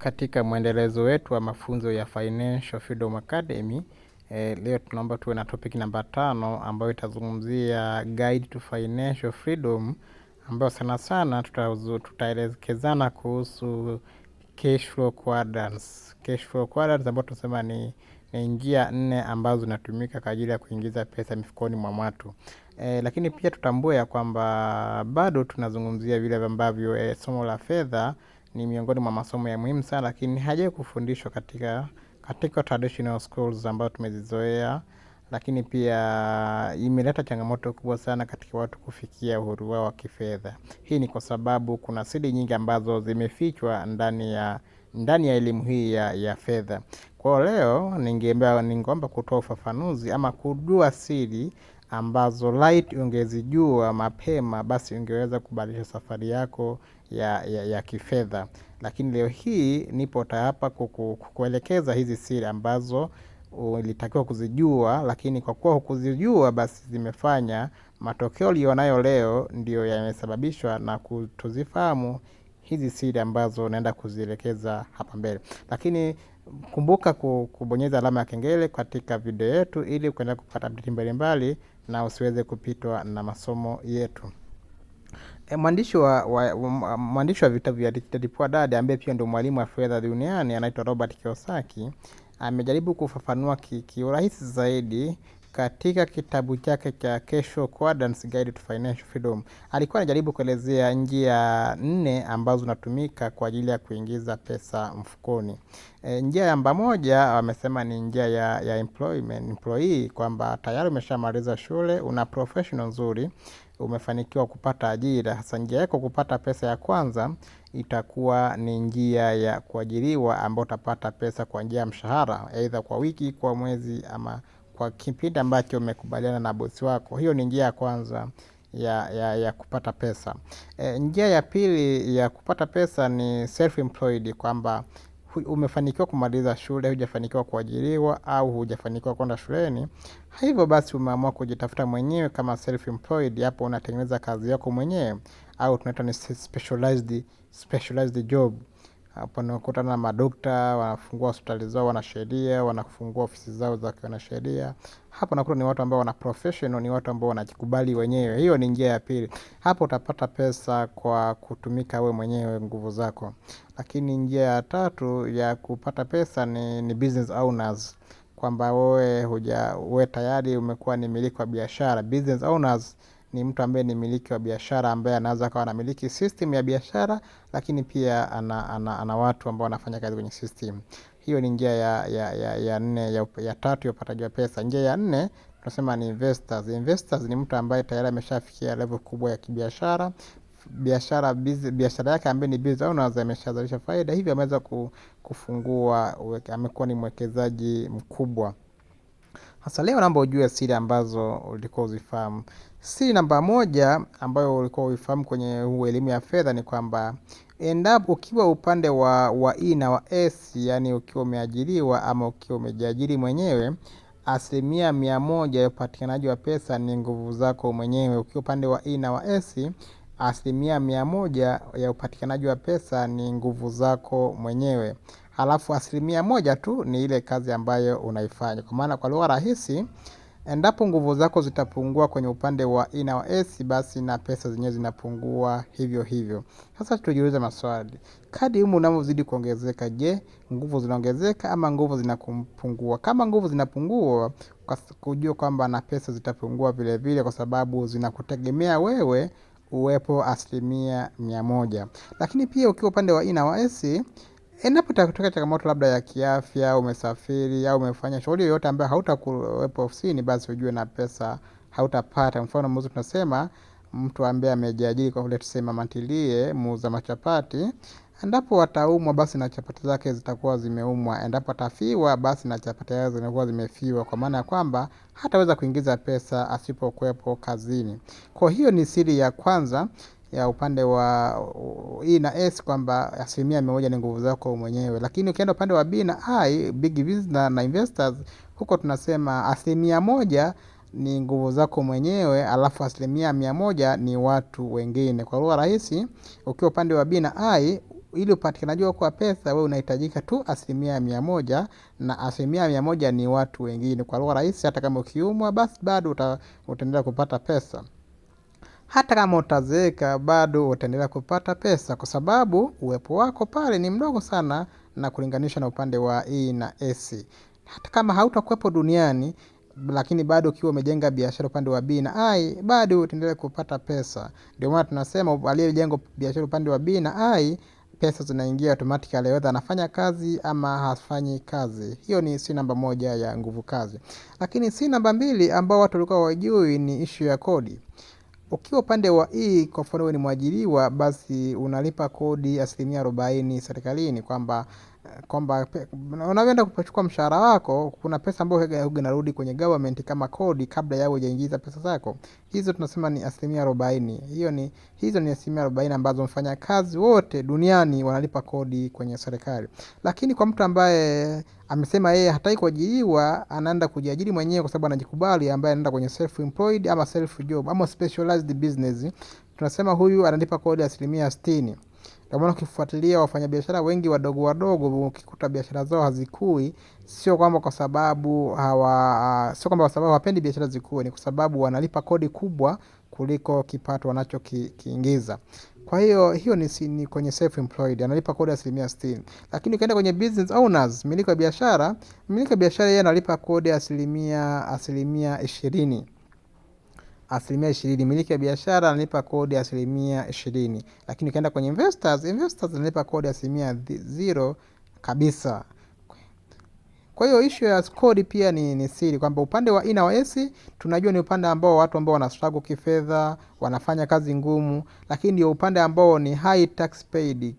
Katika mwendelezo wetu wa mafunzo ya Financial Freedom Academy E, leo tunaomba tuwe na topic namba tano ambayo itazungumzia guide to financial freedom, ambayo sana sana tutaelekezana kuhusu cash flow quadrants. Cash flow quadrants ambayo tunasema ni, ni njia nne ambazo zinatumika kwa ajili ya kuingiza pesa mifukoni mwa watu E, lakini pia tutambue ya kwamba bado tunazungumzia vile ambavyo e, somo la fedha ni miongoni mwa masomo ya muhimu sana, lakini hajawahi kufundishwa katika, katika traditional schools ambayo tumezizoea, lakini pia imeleta changamoto kubwa sana katika watu kufikia uhuru wao wa kifedha. Hii ni kwa sababu kuna siri nyingi ambazo zimefichwa ndani ya ndani ya elimu hii ya, ya fedha. Kwa leo ningeomba kutoa ufafanuzi ama kujua siri ambazo light ungezijua mapema, basi ungeweza kubadilisha safari yako ya, ya, ya kifedha. Lakini leo hii nipo tayapa kukuelekeza hizi siri ambazo ulitakiwa kuzijua, lakini kwa kuwa hukuzijua basi zimefanya matokeo ulionayo leo ndio yamesababishwa na kutuzifahamu hizi siri ambazo unaenda kuzielekeza hapa mbele. Lakini kumbuka kubonyeza alama ya kengele katika video yetu ili kuendelea kupata update mbalimbali na usiweze kupitwa na masomo yetu. Eh, mwandishi wa, wa, mwandishi wa vitabu vya Poor Dad ambaye pia ndio mwalimu wa fedha duniani anaitwa Robert Kiyosaki amejaribu kufafanua kiurahisi zaidi katika kitabu chake cha kesho Quadrant's Guide to Financial Freedom. Alikuwa anajaribu kuelezea njia nne ambazo zinatumika kwa ajili ya kuingiza pesa mfukoni. E, njia namba moja wamesema ni njia ya, ya employment, employee kwamba tayari umeshamaliza shule, una professional nzuri umefanikiwa kupata ajira. Sasa njia yako kupata pesa ya kwanza itakuwa ni njia ya kuajiriwa, ambayo utapata pesa kwa njia ya mshahara, aidha kwa wiki, kwa mwezi ama kwa kipindi ambacho umekubaliana na bosi wako. Hiyo ni njia ya kwanza ya, ya, ya kupata pesa. E, njia ya pili ya kupata pesa ni self-employed kwamba umefanikiwa kumaliza shule, hujafanikiwa kuajiriwa au hujafanikiwa kwenda shuleni, hivyo basi umeamua kujitafuta mwenyewe kama self employed. Hapo unatengeneza kazi yako mwenyewe au tunaita ni specialized, specialized job. Hapo nimekutana na madokta, wanafungua hospitali zao wanasheria, wanafungua ofisi zao za wanasheria. Hapo nakuta ni watu ambao wana professional, ni watu ambao wanajikubali wenyewe. Hiyo ni njia ya pili. Hapo utapata pesa kwa kutumika we mwenyewe nguvu zako. Lakini njia ya tatu ya kupata pesa ni, ni business owners kwamba wewe huja tayari umekuwa ni miliki wa biashara business owners ni mtu ambaye ni miliki wa biashara ambaye anaweza kawa anamiliki system ya biashara, lakini pia ana, ana, ana watu ambao wanafanya kazi kwenye system hiyo. Ni njia ya, ya, ya, ya nne ya, ya tatu ya upataji wa pesa. Njia ya nne tunasema ni investors. Investors ni mtu ambaye tayari ameshafikia level kubwa ya kibiashara biashara biashara yake ambaye ni business owners ameshazalisha faida, hivyo ameweza kufungua, amekuwa ni mwekezaji mkubwa. Hasa leo naomba ujue siri ambazo ulikuwa uzifahamu. Siri namba moja ambayo ulikuwa uifahamu kwenye huu elimu ya fedha ni kwamba endapo ukiwa upande wa, wa E na wa S, yani ukiwa umeajiriwa ama ukiwa umejiajiri mwenyewe, asilimia mia moja ya upatikanaji wa pesa ni nguvu zako mwenyewe. Ukiwa upande wa E na wa S, asilimia mia moja ya upatikanaji wa pesa ni nguvu zako mwenyewe alafu asilimia moja tu ni ile kazi ambayo unaifanya. Kwa maana kwa lugha rahisi, endapo nguvu zako zitapungua kwenye upande wa E na S, basi na pesa zenyewe zinapungua hivyo hivyo. Sasa tujiulize maswali, kadi humu unavyozidi kuongezeka, je, nguvu zinaongezeka ama nguvu zinapungua? Kama nguvu zinapungua, kujua kwamba na pesa zitapungua vile vile, kwa sababu zinakutegemea wewe uwepo asilimia mia moja. Lakini pia ukiwa upande wa E na S Endapo kutokea changamoto labda ya kiafya, umesafiri au umefanya shughuli yoyote ambayo hautakuwepo ofisini, basi ujue na pesa hautapata. Mfano mauzo tunasema mtu ambaye amejiajiri kwa vile tuseme mantilie muuza machapati, endapo ataumwa basi na chapati zake zitakuwa zimeumwa, endapo atafiwa basi na chapati zake zinakuwa zimefiwa, kwa maana ya kwamba hataweza kuingiza pesa asipokuwepo kazini. Kwa hiyo ni siri ya kwanza ya upande wa E na S kwamba asilimia mia moja ni nguvu zako mwenyewe, lakini ukienda upande wa B na I, big business na investors, huko tunasema asilimia moja ni nguvu zako mwenyewe, alafu asilimia mia moja ni watu wengine. Kwa lugha rahisi, ukiwa upande wa B na I, ili upatikanaji wako wa pesa, wewe unahitajika tu asilimia mia moja na asilimia mia moja ni watu wengine. Kwa lugha rahisi, hata kama ukiumwa, basi bado utaendelea kupata pesa hata kama utazeeka bado utaendelea kupata pesa kwa sababu uwepo wako pale ni mdogo sana na kulinganisha na upande wa E na S. Hata kama hautakuwepo duniani lakini bado ukiwa umejenga biashara upande wa B na I bado utaendelea kupata pesa. Ndio maana tunasema aliyejenga biashara upande wa B na I pesa zinaingia automatically whether anafanya kazi ama hafanyi kazi. Hiyo ni si namba moja ya nguvu kazi. Lakini si namba mbili ambao watu walikuwa wajui ni ishu ya kodi. Ukiwa upande wa hii e, kwa mfano wewe ni mwajiriwa basi unalipa kodi asilimia arobaini serikalini kwamba kwamba unavyoenda kuchukua mshahara wako, kuna pesa ambayo huga inarudi kwenye government kama kodi, kabla yao hujaingiza pesa zako hizo. Tunasema ni asilimia arobaini. Hiyo ni hizo ni asilimia arobaini ambazo mfanyakazi wote duniani wanalipa kodi kwenye serikali. Lakini kwa mtu ambaye amesema yeye hataki kuajiriwa, anaenda kujiajiri mwenyewe kwa sababu anajikubali, ambaye anaenda kwenye self employed ama self job ama specialized business, tunasema huyu analipa kodi asilimia sitini. Ndio ukifuatilia wafanyabiashara wengi wadogo wadogo, ukikuta biashara zao hazikui, sio kwamba kwa sababu hawa, sio kwamba kwa sababu hawapendi biashara zikue, ni kwa sababu wanalipa kodi kubwa kuliko kipato wanachokiingiza. Kwa hiyo hiyo ni, ni kwenye self employed analipa kodi asilimia sitini, lakini ukienda kwenye business owners, miliki wa biashara, miliki wa biashara yeye analipa kodi asilimia asilimia ishirini asilimia ishirini. Miliki ya biashara analipa kodi asilimia ishirini, lakini ukienda kwenye investors, investors analipa kodi asilimia zero kabisa. Kwa hiyo ishu ya kodi pia ni, ni siri kwamba upande wa ina waesi tunajua ni upande ambao watu ambao wana struggle kifedha wanafanya kazi ngumu, lakini ndio upande ambao ni high tax paid,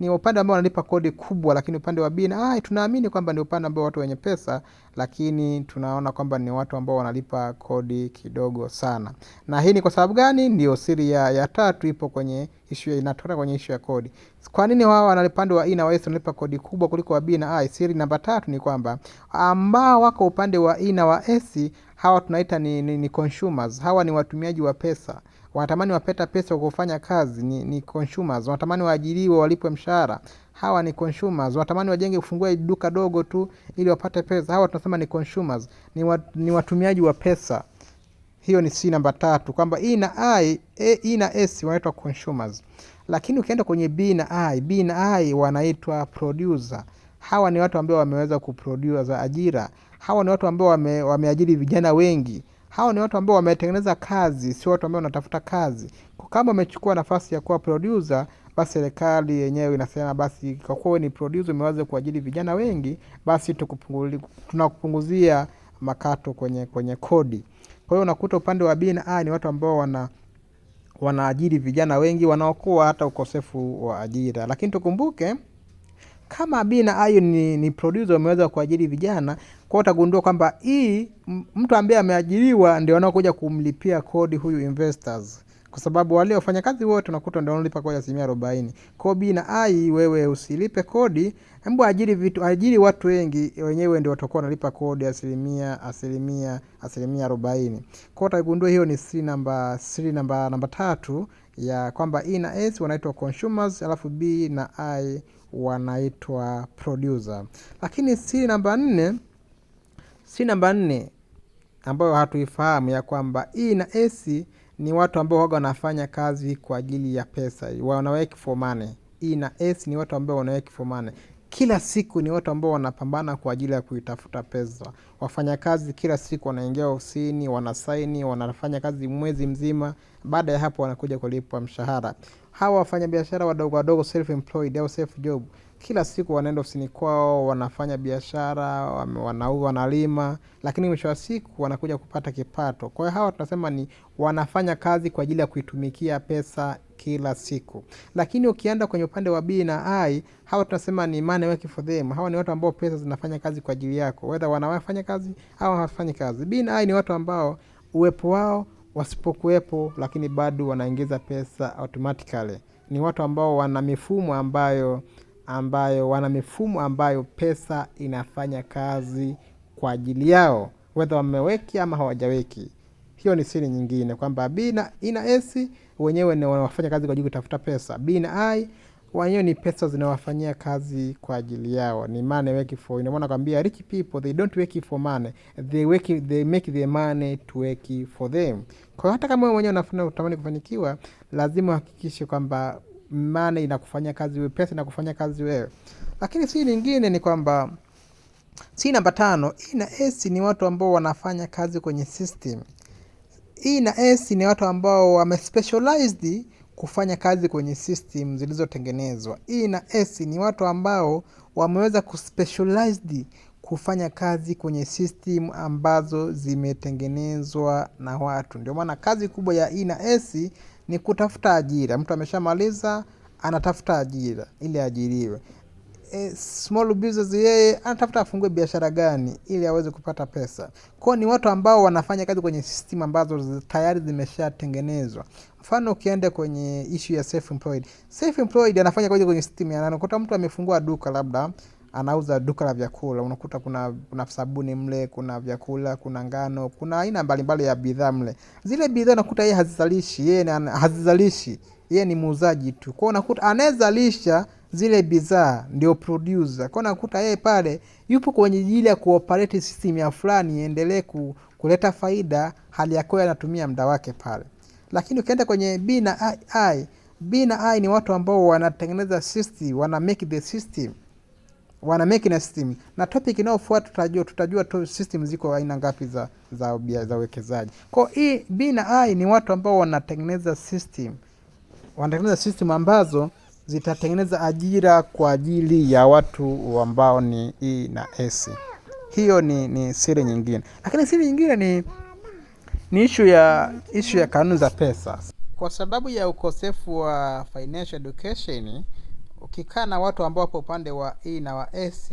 ni upande ambao wanalipa kodi kubwa, lakini upande wa bina ah, tunaamini kwamba ni upande ambao watu wenye pesa, lakini tunaona kwamba ni watu ambao wanalipa kodi kidogo sana. Na hii ni kwa sababu gani? Ndio siri ya, ya tatu ipo kwenye issue, inatoka kwenye issue ya kodi. Kwa nini wao wanapande wa I e na S wanalipa kodi kubwa kuliko wa B na I? Siri namba tatu ni kwamba ambao wako upande wa I e na wa S hawa tunaita ni, ni, ni consumers, hawa ni watumiaji wa pesa wanatamani wapeta pesa kufanya kazi ni, ni consumers, wanatamani waajiriwe walipwe mshahara. Hawa ni consumers, wanatamani wajenge kufungua duka dogo tu ili wapate pesa. Hawa tunasema ni consumers, ni, wat, ni watumiaji wa pesa. Hiyo ni C namba tatu, kwamba E na I, A, e, e na S wanaitwa consumers, lakini ukienda kwenye B na I, B na I wanaitwa producer. Hawa ni watu ambao wameweza kuproduce ajira. Hawa ni watu ambao wame, wameajiri vijana wengi. Hao ni watu ambao wametengeneza kazi, sio watu ambao wanatafuta kazi. Kwa kama wamechukua nafasi ya kuwa producer, basi serikali yenyewe inasema basi, kwa kuwa ni producer umeweza kuajiri vijana wengi, basi tunakupunguzia makato kwenye, kwenye kodi. Kwa hiyo unakuta upande wa bina ni watu ambao wana wanaajiri vijana wengi wanaokuwa hata ukosefu wa ajira, lakini tukumbuke kama bina ayo ni, ni producer wameweza kuajiri vijana kwa utagundua kwamba hii mtu ambaye ameajiriwa ndio wanaokuja kumlipia kodi huyu investors kwa sababu wale wafanyakazi wote unakuta ndio wanalipa kodi asilimia arobaini. Kwa Bee na Ayu, wewe usilipe kodi, hebu ajiri vitu, ajiri watu wengi, wenyewe ndio watakuwa wanalipa kodi asilimia asilimia asilimia arobaini. Kwa utagundua hiyo ni siri namba siri namba namba tatu ya kwamba E na S wanaitwa consumers, alafu B na I wanaitwa producer. Lakini siri namba nne, siri namba nne ambayo hatuifahamu ya kwamba E na S ni watu ambao waga wanafanya kazi kwa ajili ya pesa, wana work for money. E na S ni watu ambao wana work for money kila siku ni watu ambao wanapambana kwa ajili ya kuitafuta pesa. wafanya kazi kila siku wanaingia ofisini, wanasaini, wanafanya kazi mwezi mzima, baada ya hapo wanakuja kulipwa mshahara. Hawa wafanyabiashara wadogo wadogo self employed au self job, kila siku wanaenda ofisini kwao, wanafanya biashara, wanauza, wanalima, lakini mwisho wa siku wanakuja kupata kipato. Kwa hiyo hawa tunasema ni wanafanya kazi kwa ajili ya kuitumikia pesa kila siku. Lakini ukienda kwenye upande wa B na I, hawa tunasema ni money work for them. Hawa ni watu ambao pesa zinafanya kazi kwa ajili yako, whether wanafanya kazi au hawafanyi kazi. B na I ni watu ambao uwepo wao wasipokuwepo, lakini bado wanaingiza pesa automatically. Ni watu ambao wana mifumo ambayo ambayo wana mifumo ambayo pesa inafanya kazi kwa ajili yao, whether wameweki ama hawajaweki. Hiyo ni siri nyingine kwamba B ina e S wenyewe ni wanafanya kazi kwa ajili kutafuta pesa. B na I wenyewe ni pesa zinawafanyia kazi kwa ajili yao, ni money work for. Ina maana kwambia rich people they don't work for money, they work, they make their money to work for them. Kwa hiyo hata kama wewe mwenyewe utamani kufanikiwa, lazima uhakikishe kwamba money inakufanyia kazi wewe, pesa inakufanyia kazi wewe. Lakini si nyingine ni kwamba C namba tano, E na S ni watu ambao wanafanya kazi kwenye system. E na S ni watu ambao wame specialized kufanya kazi kwenye system zilizotengenezwa. E na S ni watu ambao wameweza kuspecialized kufanya kazi kwenye system ambazo zimetengenezwa na watu. Ndio maana kazi kubwa ya E na S ni kutafuta ajira. Mtu ameshamaliza anatafuta ajira ili ajiriwe e, small business, yeye anatafuta afungue biashara gani ili aweze kupata pesa. Kwa ni watu ambao wanafanya kazi kwenye system ambazo tayari zimeshatengenezwa. Mfano, ukienda kwenye issue ya self employed, self employed anafanya kazi kwenye system ya nani? anakuta mtu amefungua duka labda anauza duka la vyakula, unakuta kuna, kuna sabuni mle, kuna vyakula, kuna ngano, kuna aina mbalimbali ya bidhaa mle. Zile bidhaa unakuta yeye hazizalishi, yeye hazizalishi yeye ni muuzaji tu. kwao unakuta anayezalisha zile bidhaa ndio producer. kwao unakuta yeye pale yupo kwenye jili ya kuoperate system ya fulani iendelee ku, kuleta faida, hali ya anatumia muda wake pale. Lakini ukienda kwenye B na I, B na I ni watu ambao wanatengeneza system, wana make the system wana make na system na topic inayofuata tutajua tutajua to system ziko aina ngapi za za za uwekezaji. kwao hii B na I ni watu ambao wanatengeneza system wanatengeneza system ambazo zitatengeneza ajira kwa ajili ya watu ambao ni E na S. Hiyo ni, ni siri nyingine, lakini siri nyingine ni, ni ishu ya, ishu ya kanuni za pesa. Kwa sababu ya ukosefu wa financial education, ukikaa na watu ambao wapo upande wa E na wa S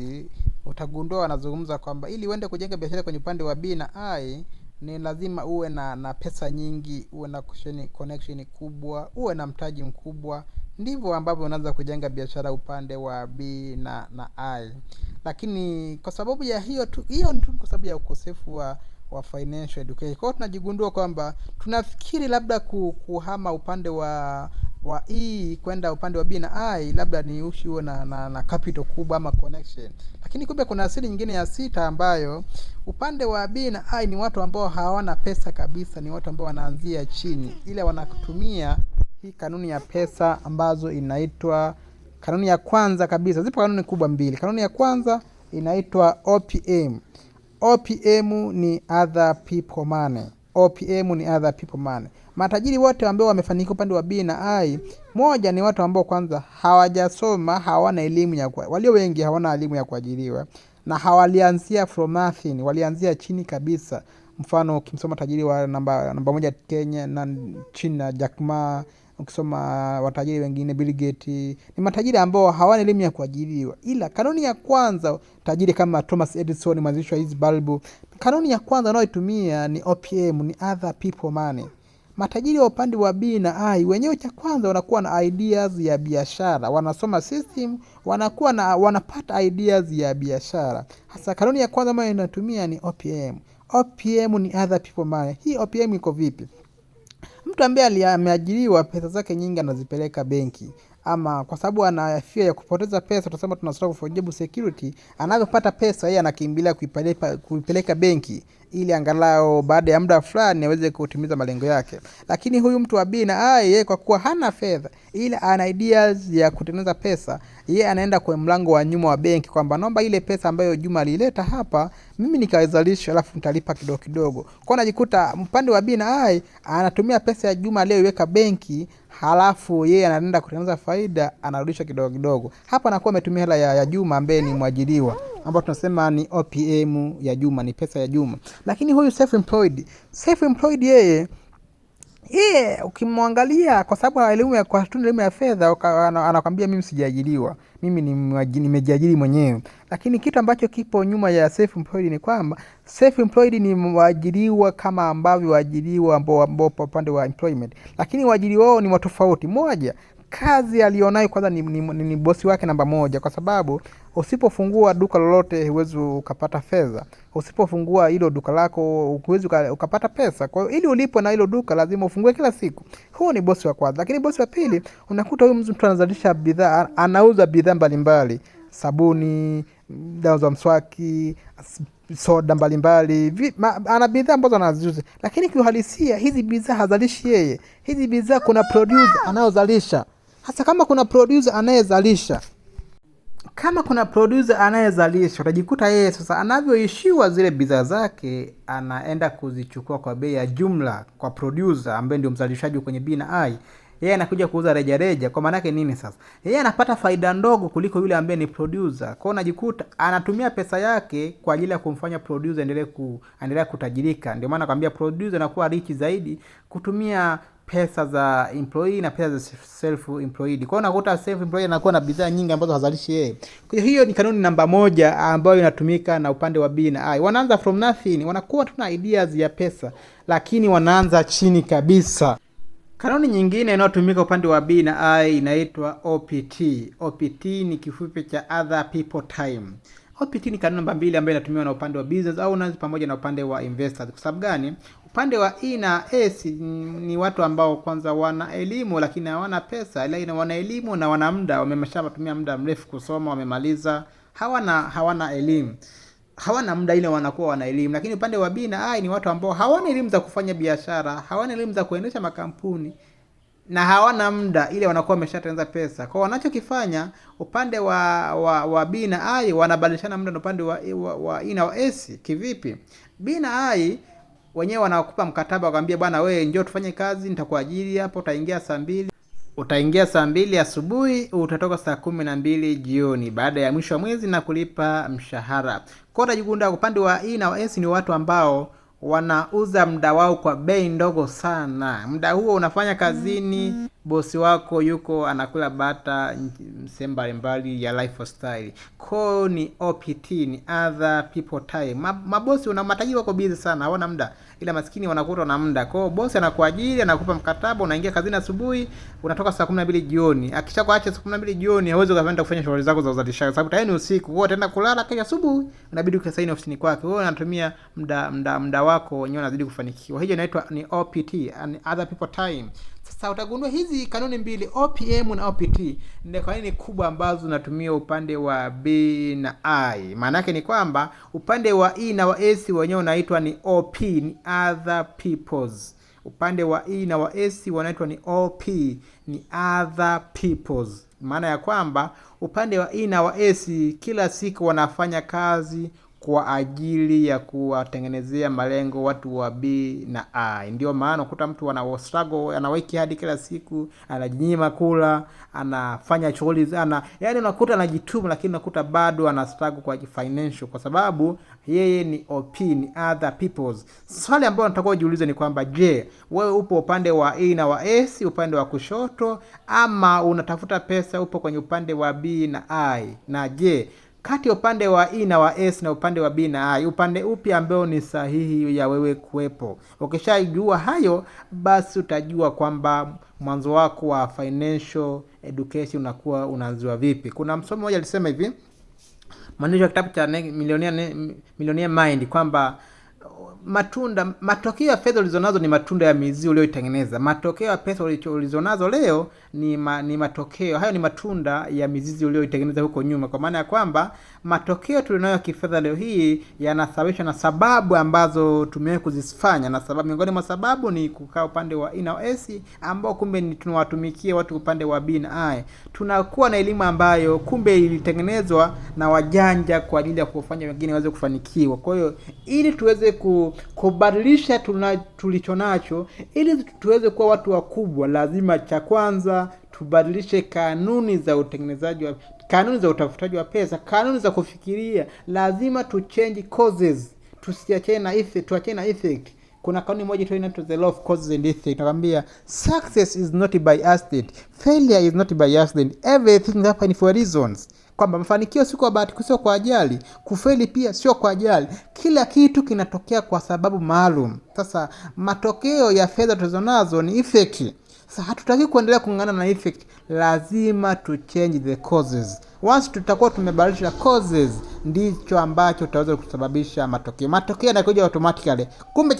utagundua wanazungumza kwamba ili uende kujenga biashara kwenye upande wa B na I ni lazima uwe na, na pesa nyingi, uwe na connection kubwa, uwe na mtaji mkubwa. Ndivyo ambavyo unaanza kujenga biashara upande wa B na, na I. Lakini kwa sababu ya hiyo tu, hiyo tu kwa sababu ya ukosefu wa wa financial education. Kwa hiyo tunajigundua kwamba tunafikiri labda kuhama upande wa wa E kwenda upande wa B na I labda ni ushi huo na, na, na capital kubwa ama connection. Lakini kumbe kuna asili nyingine ya sita ambayo upande wa B na I ni watu ambao hawana pesa kabisa, ni watu ambao wanaanzia chini, ila wanatumia hii kanuni ya pesa ambazo inaitwa kanuni ya kwanza kabisa. Zipo kanuni kubwa mbili. Kanuni ya kwanza inaitwa OPM. OPM ni other people money. OPM ni other people man. Matajiri wote ambao wamefanikiwa upande wa B na I, moja ni watu ambao kwanza hawajasoma, hawana elimu ya kwa, walio wengi hawana elimu ya kuajiriwa na hawalianzia from nothing, walianzia chini kabisa. Mfano ukimsoma tajiri wa namba namba moja Kenya na China Jack Ma ukisoma watajiri wengine Bill Gates, ni matajiri ambao hawana elimu ya kuajiriwa, ila kanuni ya kwanza tajiri kama Thomas Edison, mwanzishi wa hizi balbu, kanuni ya kwanza wanaoitumia ni OPM, ni other people money. Matajiri wa upande wa B na I wenyewe, cha kwanza wanakuwa na ideas ya biashara, wanasoma system, wanakuwa na wanapata ideas ya biashara. Hasa kanuni ya kwanza ambayo inatumia ni OPM. OPM ni other people money. Hii OPM iko vipi? Mtu ambaye ameajiriwa pesa zake nyingi anazipeleka benki ama kwa sababu ana fear ya kupoteza pesa, tunasema tuna struggle for job security. Anavyopata pesa yeye anakimbilia kuipeleka kuipeleka benki ili angalau baada ya muda fulani aweze kutimiza malengo yake. Lakini huyu mtu wa B na A yeye kwa kuwa hana fedha, ila ana ideas ya kutengeneza pesa, yeye anaenda kwa mlango wa nyuma wa benki kwamba naomba ile pesa ambayo Juma alileta hapa mimi nikawezalisha, alafu nitalipa kidogo kidogo. Kwa anajikuta upande wa B na A anatumia pesa ya Juma aliyoiweka benki halafu yeye anaenda kutengeneza faida, anarudisha kidogo kidogo. Hapa anakuwa ametumia hela ya, ya Juma ambaye ni mwajiriwa ambao tunasema ni OPM ya Juma, ni pesa ya Juma. Lakini huyu self employed, self employed yeye yeye ukimwangalia, kwa sababu elimu ya elimu ya fedha anakwambia mimi sijaajiriwa, mimi nimejiajiri mwenyewe. Lakini kitu ambacho kipo nyuma ya self employed ni kwamba self employed ni waajiriwa kama ambavyo waajiriwa ambao ambao upande wa employment, lakini waajiri wao ni watofauti. Moja, kazi alionayo kwanza ni, ni, ni, ni bosi wake namba moja, kwa sababu usipofungua duka lolote huwezi ukapata fedha. Usipofungua hilo duka lako huwezi ukapata pesa. Kwa hiyo ili ulipo na hilo duka lazima ufungue kila siku. Huo ni bosi wa kwanza, lakini bosi wa pili unakuta huyu mtu anazalisha bidhaa, anauza bidhaa mbalimbali, sabuni dawa za mswaki, soda mbalimbali, ana bidhaa ambazo anaziuza, lakini kiuhalisia hizi bidhaa hazalishi yeye. Hizi bidhaa kuna producer anayozalisha. Hasa kama kuna producer anayezalisha kama kuna producer anayezalisha, utajikuta yeye sasa anavyoishiwa zile bidhaa zake, anaenda kuzichukua kwa bei ya jumla kwa producer ambaye ndio mzalishaji kwenye B yeye anakuja kuuza rejareja. Kwa maana yake nini sasa? Yeye anapata faida ndogo kuliko yule ambaye ni producer. kwao hiyo anatumia pesa yake kwa ajili ya kumfanya producer endelee ku, endelea kutajirika. Ndio maana nakwambia producer anakuwa rich zaidi kutumia pesa za employee na pesa za self employed. Kwa hiyo unakuta self employed anakuwa na bidhaa nyingi ambazo hazalishi yeye. Kwa hiyo hiyo ni kanuni namba moja ambayo inatumika na upande wa B na I. Wanaanza from nothing, wanakuwa tuna ideas ya pesa, lakini wanaanza chini kabisa. Kanuni nyingine inayotumika upande wa B na I inaitwa OPT. OPT ni kifupi cha other people time. OPT ni kanuni namba mbili ambayo inatumiwa na upande wa business owners pamoja na upande wa investors. Kwa sababu gani? Upande wa E na S ni watu ambao kwanza wana elimu lakini hawana pesa, ila wana elimu na wana muda, wameshatumia muda mrefu kusoma, wamemaliza, hawana hawana elimu hawana muda ile wanakuwa wana elimu, lakini upande wa bina ai ni watu ambao hawana elimu za kufanya biashara, hawana elimu za kuendesha makampuni na hawana muda ile wanakuwa wameshatengeneza pesa. Kwa wanachokifanya upande wa wa, wa bina ai wanabadilishana muda na upande wa wa, wa ina e wa S. Kivipi? Bina ai wenyewe wanakupa mkataba, wakwambia bwana, wewe njoo tufanye kazi, nitakuajiri hapo, utaingia saa mbili utaingia saa mbili asubuhi, utatoka saa kumi na mbili jioni baada ya mwisho wa mwezi na kulipa mshahara. Kwa utajikunda upande wa E na wa S ni watu ambao wanauza muda wao kwa bei ndogo sana. Muda huo unafanya kazini, bosi wako yuko anakula bata sehemu mbalimbali ya lifestyle. Ko ni OPT, ni other people time. Mabosi una matajiri wako bizi sana, hawana muda ila maskini wanakuta na muda. Kwa hiyo bosi anakuajiri, anakupa mkataba, unaingia kazini asubuhi, unatoka saa 12 jioni. Akishakuacha saa 12 jioni, hauwezi ukaenda kufanya shughuli zako za uzalishaji, sababu tayari ni usiku. Wewe utaenda kulala, kesho asubuhi inabidi ukasaini ofisini kwake. Wewe unatumia muda muda muda wako wenyewe, unazidi kufanikiwa. Hiyo inaitwa ni OPT, other people time. Sasa utagundua hizi kanuni mbili OPM na OPT ni kanuni kubwa ambazo zinatumia upande wa B na I. Maana yake ni kwamba upande wa E na wa S wenyewe unaitwa ni OP, ni other peoples. Upande wa E na wa S wanaitwa ni OP, ni other peoples. Maana ya kwamba upande wa E na wa S kila siku wanafanya kazi kwa ajili ya kuwatengenezea malengo watu wa B na A. Ndio maana ukuta mtu ana struggle, ana anaweki hadi kila siku, anajinyima kula, anafanya shughuli zana. Yaani unakuta anajituma, lakini unakuta bado ana struggle kwa financial, kwa sababu yeye ni OP, ni other peoples. Swali ambalo nataka ujiulize ni kwamba, je, wewe upo upande wa A na wa S, upande wa kushoto, ama unatafuta pesa, upo kwenye upande wa B na I? Na je kati ya upande wa E na wa S na upande wa B na I, upande upi ambao ni sahihi ya wewe kuwepo? Ukishajua hayo, basi utajua kwamba mwanzo wako wa financial education unakuwa unaanziwa vipi. Kuna msomi mmoja alisema hivi, mwandishi wa kitabu cha Millionaire Mind kwamba matunda matokeo ya fedha ulizonazo ni matunda ya mizizi uliyoitengeneza. Matokeo ya pesa ulizonazo leo ni, ma, ni matokeo hayo ni matunda ya mizizi uliyoitengeneza huko nyuma, kwa maana ya kwamba matokeo tulionayo ya kifedha leo hii yanasababishwa na sababu ambazo tumewahi kuzifanya, na sababu miongoni mwa sababu ni kukaa upande wa E S, ambao kumbe ni tunawatumikia watu upande wa B na I. Tunakuwa na elimu ambayo kumbe ilitengenezwa na wajanja kwa ajili ya kufanya wengine waweze kufanikiwa. Kwa hiyo ili tuweze tuweze kubadilisha tulicho nacho ili tuweze kuwa watu wakubwa, lazima cha kwanza tubadilishe kanuni za utengenezaji wa kanuni za utafutaji wa pesa, kanuni za kufikiria. Lazima tu change causes, tusiachane na effect, tuachane na effect. Kuna kauni moja tu inaitwa the law of causes and effect. Nakwambia success is not by accident, failure is not by accident, everything happen for reasons kwamba mafanikio si kwa bahati, sio kwa ajali, kufeli pia sio kwa ajali. Kila kitu kinatokea kwa sababu maalum. Sasa matokeo ya fedha tulizonazo ni effect. Sasa hatutaki kuendelea kungana na effect, lazima tu change the causes. Once tutakuwa tumebadilisha causes, ndicho ambacho tutaweza kusababisha matokeo. Matokeo yanakuja automatically, kumbe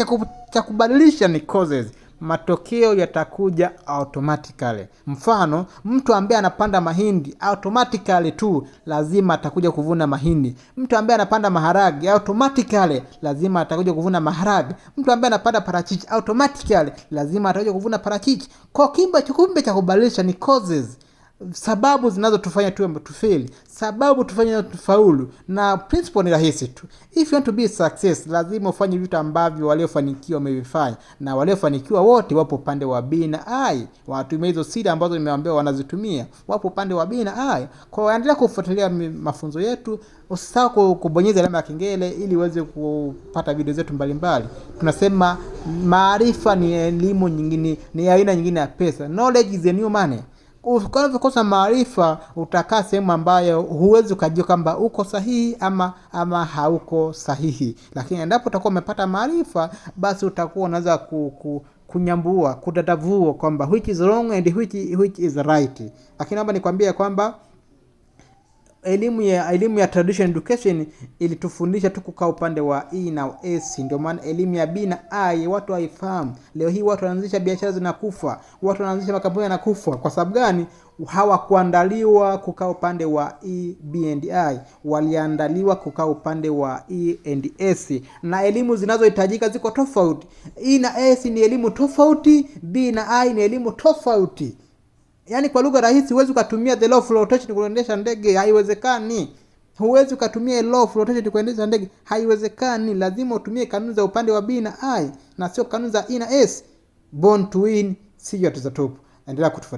cha kubadilisha ni causes matokeo yatakuja automatically. Mfano, mtu ambaye anapanda mahindi automatically tu lazima atakuja kuvuna mahindi. Mtu ambaye anapanda maharagi automatically lazima atakuja kuvuna maharagi. Mtu ambaye anapanda parachichi automatically lazima atakuja kuvuna parachichi. Kwa kimba chukumbe cha kubadilisha ni causes sababu zinazotufanya tuwe tufeli, sababu tufanye tufaulu, na principle ni rahisi tu. If you want to be success, lazima ufanye vitu ambavyo waliofanikiwa wamevifanya, na waliofanikiwa wote wapo upande wa B na I, watumia hizo siri ambazo nimewaambia wanazitumia, wapo upande wa B na I. Kwa hiyo endelea kufuatilia mafunzo yetu, usisahau kubonyeza alama ya kengele ili uweze kupata video zetu mbalimbali. mbali. Tunasema maarifa ni elimu nyingine, ni aina nyingine ya pesa. Knowledge is a new money ukanavyokosa maarifa utakaa sehemu ambayo huwezi ukajua kwamba uko sahihi ama ama hauko sahihi, lakini endapo utakuwa umepata maarifa, basi utakuwa unaweza ku, ku, kunyambua kutatavua kwamba which is wrong and which, which is right. Lakini naomba nikwambie kwamba elimu ya elimu ya tradition education ilitufundisha tu kukaa upande wa E na S. Ndio maana elimu ya B na I watu haifahamu. Leo hii watu wanaanzisha biashara zinakufa, watu wanaanzisha makampuni yanakufa. Kwa sababu gani? Hawakuandaliwa kukaa upande wa E, B and I, waliandaliwa kukaa upande wa E and S, na elimu zinazohitajika ziko tofauti. E na S ni elimu tofauti, B na I ni elimu tofauti. Yaani kwa lugha rahisi huwezi ukatumia the low flotation kuendesha ndege, haiwezekani. Huwezi ukatumia low flotation kuendesha ndege, haiwezekani. Lazima utumie kanuni za upande wa B na I na sio kanuni za E na S. Born to win, see you at the top. Endelea kutufuatilia.